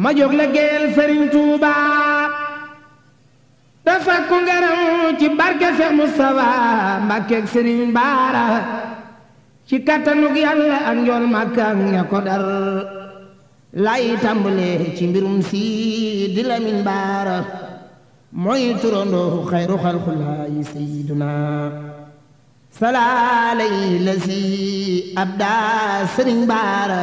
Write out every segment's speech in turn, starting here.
ma jóg la géel sëriñ Tuuba te sàkku ngërëm ci barke Seex Mustafa Mbàkkeeg sëriñ Baara ci kattanug yàlla ak njool Màkka ña ko dar lay tàmbalee ci mbirum si di Lamin Baara mooy turandoo xayru xalxulaayi sayyiduna salaalay la si abda sëriñ Baara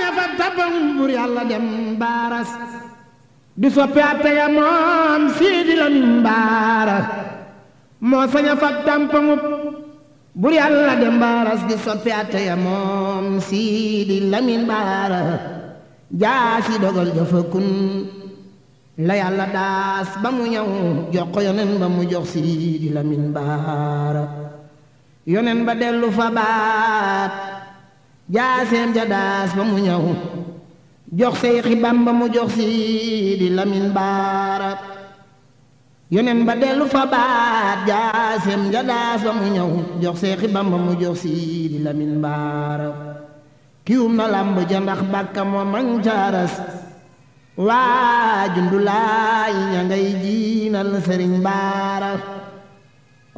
ña fa taboon bur yàlla dem baaras di soppi atte ya moom Siidi Lamin Baara moo sañ fab tampongub bur yàlla dem baaras di soppi atte ya moom Siidi Lamin Baara jaasi dogal dafa kun la daas ba mu ñëw jox yonen ba mu jox Siidi Lamin Baara yonen ba dellu fa baat jaaseem ja daas ba mu ñëw jox say xibam ba mu jox si lamin baara yonen ba dellu fa baat jaaseem ja daas ba mu ñëw jox say xibam ba mu jox si lamin baara kiwum na làmb ja ndax bàkka moom waa jundulaay ña ngay jiinal sëriñ baara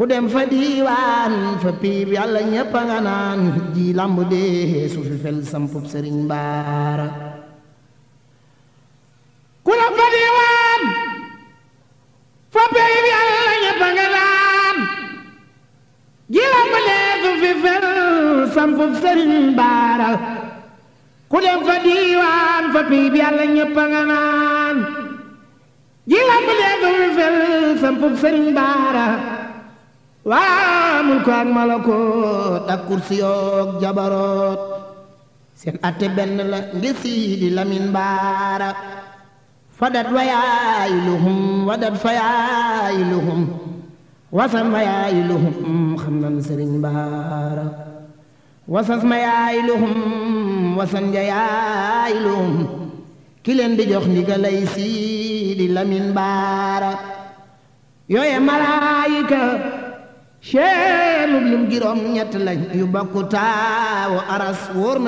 ku dem fa diiwaan fa piib yàlla ñépp a nga naan ji làmb dee fel sampub sëriñ baara ku dem fa diiwaan fa piib yàlla ñépp a nga naan ji làmb dee fel sampub sëriñ baara ko ak malakoot ak kursiyoog jabaroot seen atte benn la ngir siidi lamin baara fadat wayaayiluhum wadat fayaayiluhum wasam wayaayiluhum xam nan sëriñ baara wasas mayaayiluhum wasan jayaayiluhum ki leen di jox ndigalay siidi lamin baara yooye malaayika seenub lim juróom ñett lañ yu bokku taawu aras wóor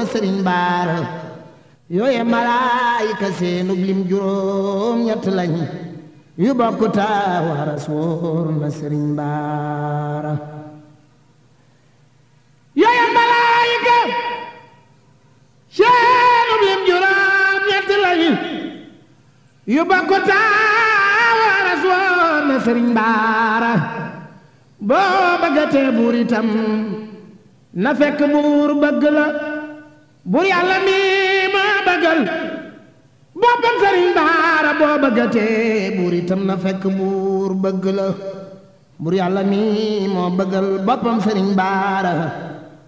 aras wóor na baara boo bëggatee buur itam na fekk buur bëgg la buur yàlla mi ma bëggal boppam sëriñ baara boo bëggatee buur itam na fekk buur bëgg la buur yàlla mi moo bëggal boppam sëriñ baara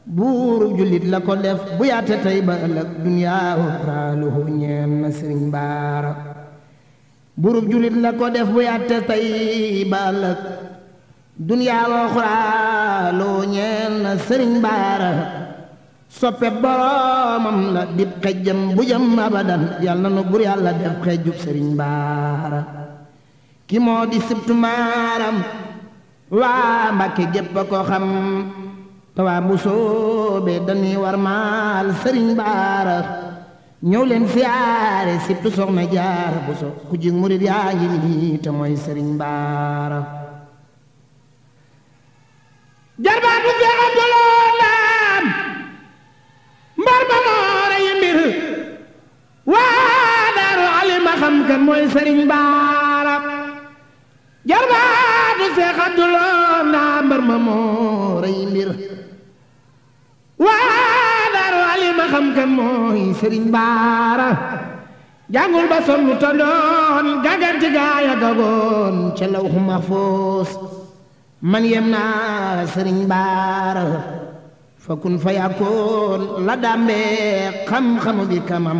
buurub jullit la ko def bu yaate tey ba ëllëg duniyaa raaluhu ñeen na sëriñ baara buurub jullit la ko def bu yaate tey ba ëllëg dunyaa loo xuraa ñeel na sëriñ baara soppe boroomam la dib xejjam bu abadan yal na nu bur def xejjub sëriñ baara ki di sibtu maaram waa mbàkke gépp a ko xam te waa bu soobee dañuy war maal sëriñ baara ñëw leen siyaare sibtu soxna jaara bu ku jig murit yaa ngi nii te mooy sëriñ baara caatu Seex Abdulaa daaru alima xam kan mooy sëriñ baara jarbaatu Seex Abdulaa Ndaam mbar ma moo rey mbir waa daaru alima xam kan mooy sëriñ baara jàngul ba sonn tondoon gàgganti gaaya gagoon ca lawhu mahfuus man yem naa sëriñ baara fa kun fa yàkkoon la dambe xam-xamu bi kamam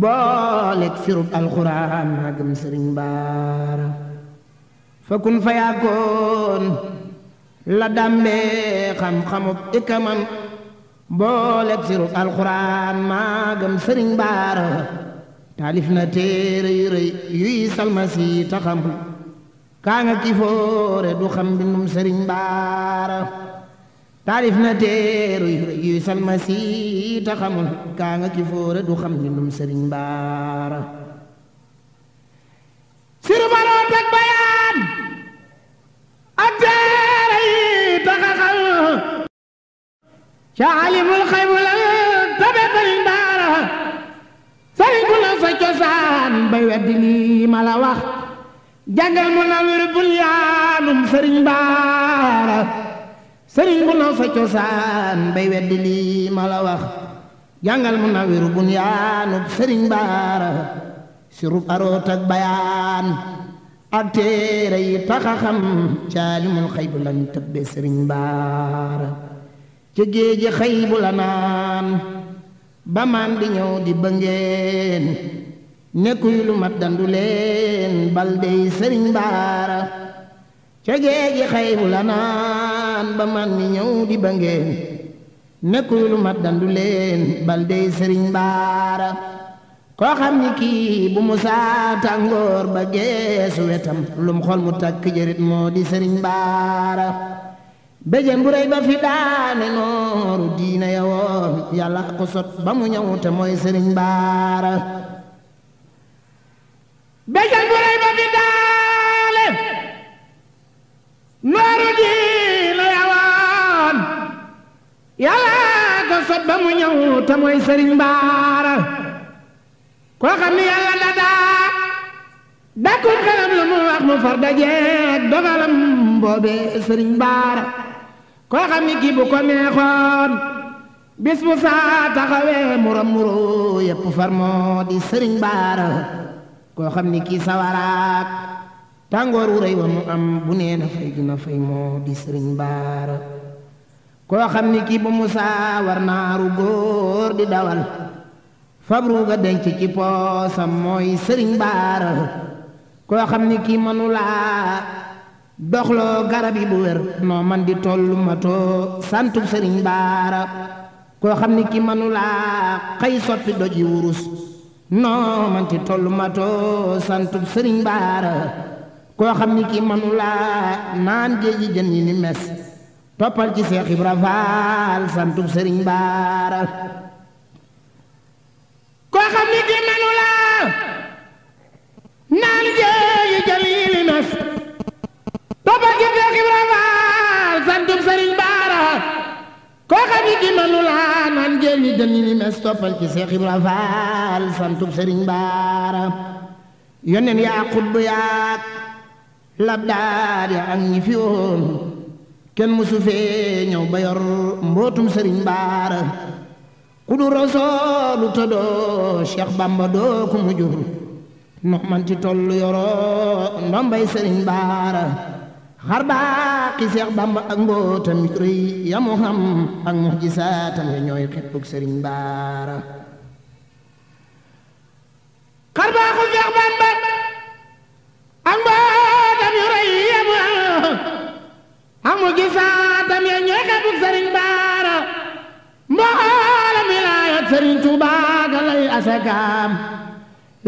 booleeg sirub alxuraan maa gëm sëriñ baara fa kun fa yàkkoon la dambe xam-xamu bi kamam booleeg sirub alxuraan maa gëm sëriñ baara taalif na téere yu rëy yuy salmasi taxamul kaa nga kifoore du xam bindum sëriñ baara taarif na teeru yuy salmasi ta kifoore du xam bindum sëriñ baara siru baroon bayaan ak teere taxaxal ca alimul xaybul tabe baara sëriñ bu la sa cosaan bay weddi jàngal mu nawir bul yaanum sëriñ baara sëriñ bu naw sa cosaan bay weddi lii ma la wax jàngal mu nawir bul yaanum sëriñ baara sirub aroot ak bayaan ak téere yi taxa xam caalimul xëy bu lañ tëbbe sëriñ baara ca géeji xëy la naan ba maan di ñëw di bëngeen nekkuy lu mat dandu leen bal dey sëriñ baara ca géeji xaybu la naan ba man ni ñëw di ba ngeen nekkuy lu mat dandu leen bal sëriñ baara koo xam ni kii bu musaa tàngoor ba geesu wetam lum xol mu takk jërit moo di sëriñ baara béjén bu ba fi daane nooru diina ya woon yàlla ko sot ba mu ñëw mooy sëriñ baara béjjal bu rëy ba fi daale nooru diina yawaan yàlla ko sot ba mu ñëw te mooy sëriñ baara koo xam ni yàlla dadaa dakkul xelam lu mu wax mu far dajeeg dogalam boobe sëriñ baara koo xam ni kii bu ko neexoon bis bu saa taxawee muro muro yépp far moo di sëriñ baara koo xam ni kii sawaraak tàngoor wu wa mu am bu nee na fay dina fay moo di sëriñ baara koo xam ni kii bu musaa war naaru góor di dawal fabru ga denc ci poosam mooy sëriñ baara koo xam ni kii manulaa doxloo garab yi bu wér noo man di tollu matoo santu sëriñ baara koo xam ni kii manulaa xëy sotti doj yi wurus non man ci tollu matoo santub sëriñ baara koo xam ni kii manulaa naan géeji jën yi ni mes toppal ci Seex Ibra Faal santub sëriñ baara koo xam ni kii manulaa naan géeji jën yi ni mes koo xam ni ki manulaa naan géel ni ci Seex Ibra Faal santub Sëriñ Baara yonen yaa xutbu yaak labdaar ya ak ñi fi woon kenn musu fee ñëw ba mbootum Sëriñ Baara ku du rasoolu tëddoo Cheikh Bamba doo ku mu jur ci tollu yoroo ndombay Sëriñ Baara xarbaaxi seex bàmba ak mbootam yu rëy yamu xam ak muxjisaatam ya ñooy xeppug sëriñ baara xarbaaxu seex bàmba ak mbootam yu rëy yamu xam ak muxjisaatam ya ñooy xeppug sëriñ baara mboolam wilaayat sëriñ Tuubaa ga lay asakaam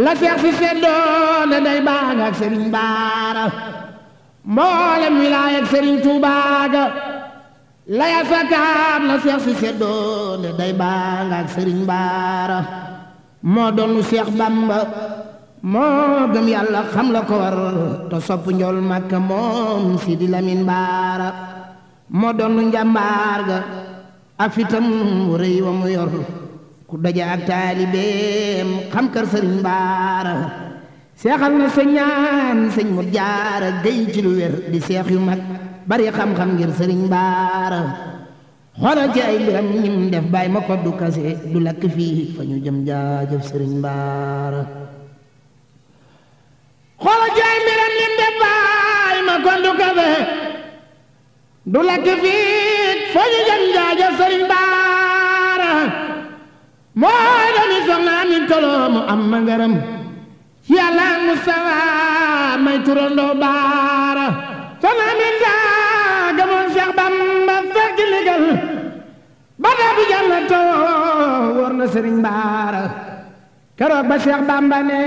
la seex si seddoon na day baax ak sëriñ baara mboolem wilaaya ak Serigne Touba laya fakaab la seex si seddoo day baa nga ak Serigne Baara moo doonu seex Bamba moo gëm yàlla xam la ko war te sopp njool Makka moom Sidi Lamin Baara moo doonu njàmbaar ga ak wu rëy wa mu yor ku daje ak taalibeem xam kër Serigne Baara seexal na sa ñaan jaara dey ci lu wér di seex yu mag bari xam-xam ngir sëriñ baara xoolal ci ay mbiram ñim def bàyyi ma ko kase du lakk fii fa ñu jëm jaajëf sëriñ sëriñ baara moo doon soxna mi toloo mu am ma ngaram yàlla mu sawa may turandoo baara fana min daa gamoon Seex Bamba fekk ndigal ba dabu jànnatoo wóor na sëriñ baara keroog ba Seex Bamba ne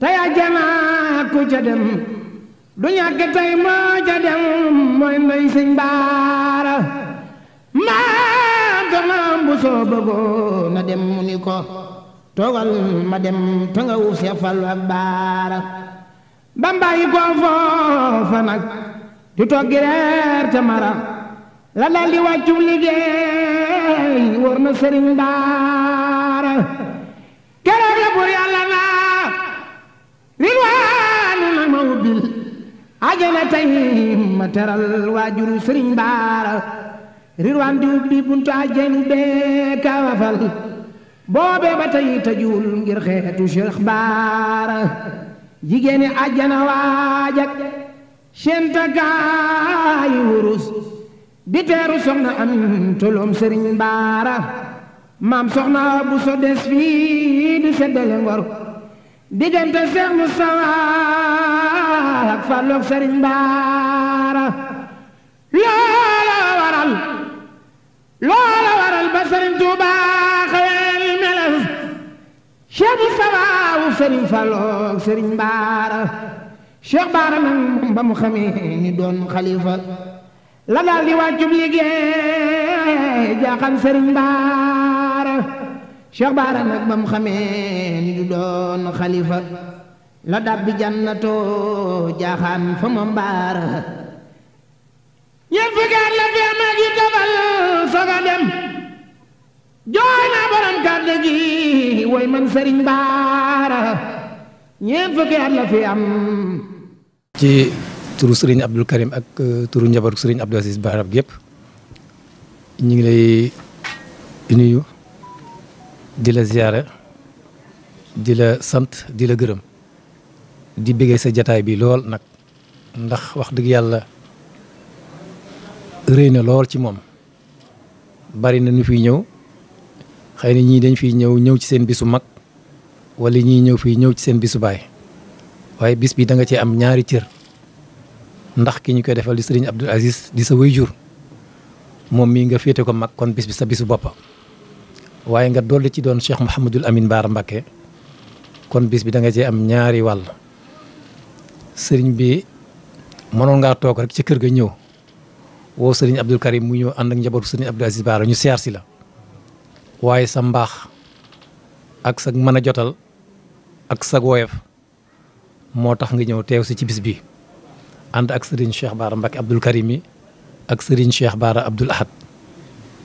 tey ajjana ca dem du ñàkk tey moo ca dem mooy ndoy sëñ baara maa doxam bu soo na dem mu ni ko toogal ma dem te nga wuuf Seex Fallu baara bambayi koo foofa nag di toggi reer te la dal di wàccum liggéey wóor na sëriñ baara keroog la bur yàlla naa rilwaanu nag ma ubbil ajana tey ma teral waajuru sëriñ baara rilwaan di ubbi buntu ajani bee kaawafal boobee ba tey tëjuwul ngir xeetu Cheikh Baara jigéeni àjjana waajak seen takkaayi wurus di teeru soxna am tolom sëriñ Baara maam soxna bu so des fii di seddale ngor diggante Cheikh Moustapha ak Falloog sëriñ Baara loola waral cheikh Moustapha wu Serigne Fallou Baara cheikh Baara nag ba mu xalifa la daal di wàccub liggéey jaaxal Serigne Baara cheikh Baara nag ba du doon xalifa la dab bi jannatoo jaaxaan fa moom Baara ñeent la fi am ak yu dem. jooy naa borom kàddu gi way man sëriñ baara ñeent fukki at fi am ci turu sëriñ Abdul Karim ak euh, turu njabaru sëriñ Abdul Aziz Baara yëpp ñu ngi lay nuyu di la ziyaare di la sant di la gërëm di bëggee sa jataay bi lool nag ndax wax dëgg yàlla rëy na lool ci moom bari na ñu fi ñëw xëy na ñii dañ fiy ñëw ñëw ci seen bisu mag wala ñii ñëw fii ñëw ci seen bisu baay waaye bis bi da nga cee am ñaari cër ndax ki ñu koy defal di sëriñ Abdul Aziz di sa waajur moom mii nga féete ko mag kon bis bi sa bisu boppa waaye nga dolli ci doon Cheikh Mouhamadul Amin Baara Mbakke kon bis bi da nga cee am ñaari wàll sëriñ bi mënoon ngaa toog rek ci kër ga ñëw woo sëriñ Abdul Karim mu ñëw ànd ak njabootu sëriñ Abdul Aziz Baara ñu siyaar si la. waaye sa mbaax ak sa mën a jotal ak sa woyof moo tax nga ñëw teew si ci bis bi ànd ak sëriñ Cheikh Baara Mbacke Abdoul Karim yi ak sëriñ Cheikh Baara Abdoul Ahad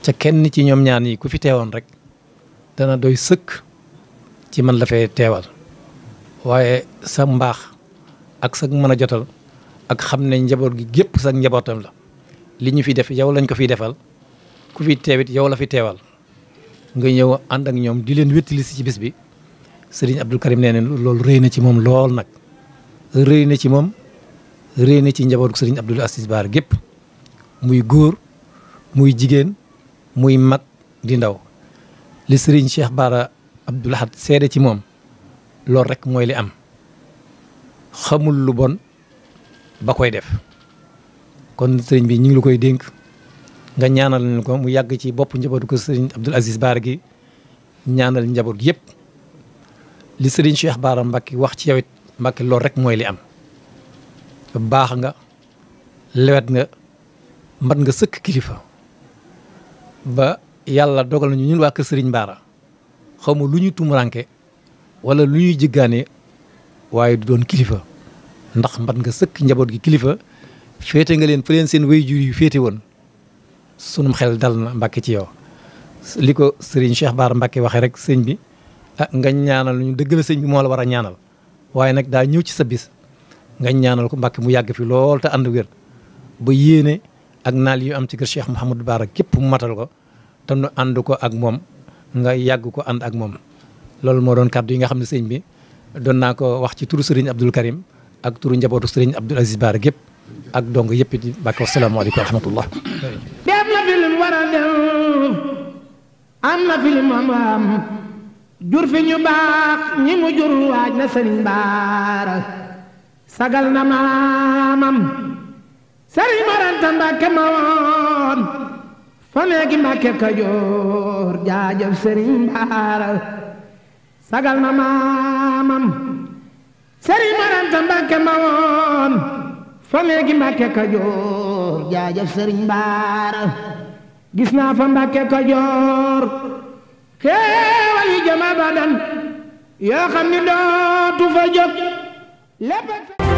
ca kenn ci ñoom ñaan yi ku fi teewoon rek dana doy sëkk ci man la fee teewal waaye sa mbaax ak sa mën a jotal ak xam ne njaboot gi gépp sa njabootam la li ñu fi def yow lañ ko fi defal ku fi teewit yow la fi teewal nga ñëw ànd ak ñoom di leen wéttali si ci bis bi sëriñ Abdou Karim nee na loolu rëy na ci moom lool nag rëy na ci moom rëy na ci njabootu sëriñ Abdoul Aziz Baar gépp muy góor muy jigéen muy mag di ndaw li sëriñ Cheikh Baara Abdoul Ahad seede ci moom loolu rek mooy li am xamul lu bon ba koy def kon sëriñ bi ñu ngi lu koy dénk nga ñaanal leen ko mu yàgg ci bopp njabootu ko sëriñ Abdul Aziz Baara gi ñaanal njaboot gi yëpp li sëriñ Cheikh Baara Mbacke wax ci yow it Mbacke loolu rek mooy li am baax nga lawet nga mbat nga sëkk kilifa ba yàlla dogal nañu ñun waa kër sëriñ Baara xaw ma lu ñuy tumuranke wala lu ñuy jëggaane waaye du doon kilifa ndax mbat nga sëkk njaboot gi kilifa féete nga leen fa leen seen wéy jur yu féete woon sunum xel dal na Mbàkke ci yow li ko sëriñ Cheikh Bara Mbàkke waxee rek sëñ bi ah, nga ñaanal ñu dëgg la sëñ bi moo la war a ñaanal waaye nag daa ñëw ci sa bis nga ñaanal ko Mbàkke mu yàgg fi lool te ànd wér ba yéene ak naal yu am ci kër Cheikh Mouhamadou Bara képp mu matal ko te nu ànd ko ak moom nga yàgg ko ànd ak moom loolu moo doon kàddu yi nga xam ne sëñ bi doon naa ko wax ci turu sëriñ Abdul Karim ak turu njabootu sëriñ Abdul Aziz Bara gépp ak dong yëpp it Mbàkke am na fi mamaam jur fi ñu baax ñi mu jur waaj na sëriñ baara sagal na maamam sëriñ maranta mbàkke ma woon fa neegi mbàkke kajoor jaajëf sëriñ baara sagal na maamam sëriñ maranta mbàkke ma woon fa neegi mbàkke kajoor jaajëf sëriñ baara gis naa fa mbàkke kajoor xéewal yi jama badan yoo xam ni dootu fa jóg lépp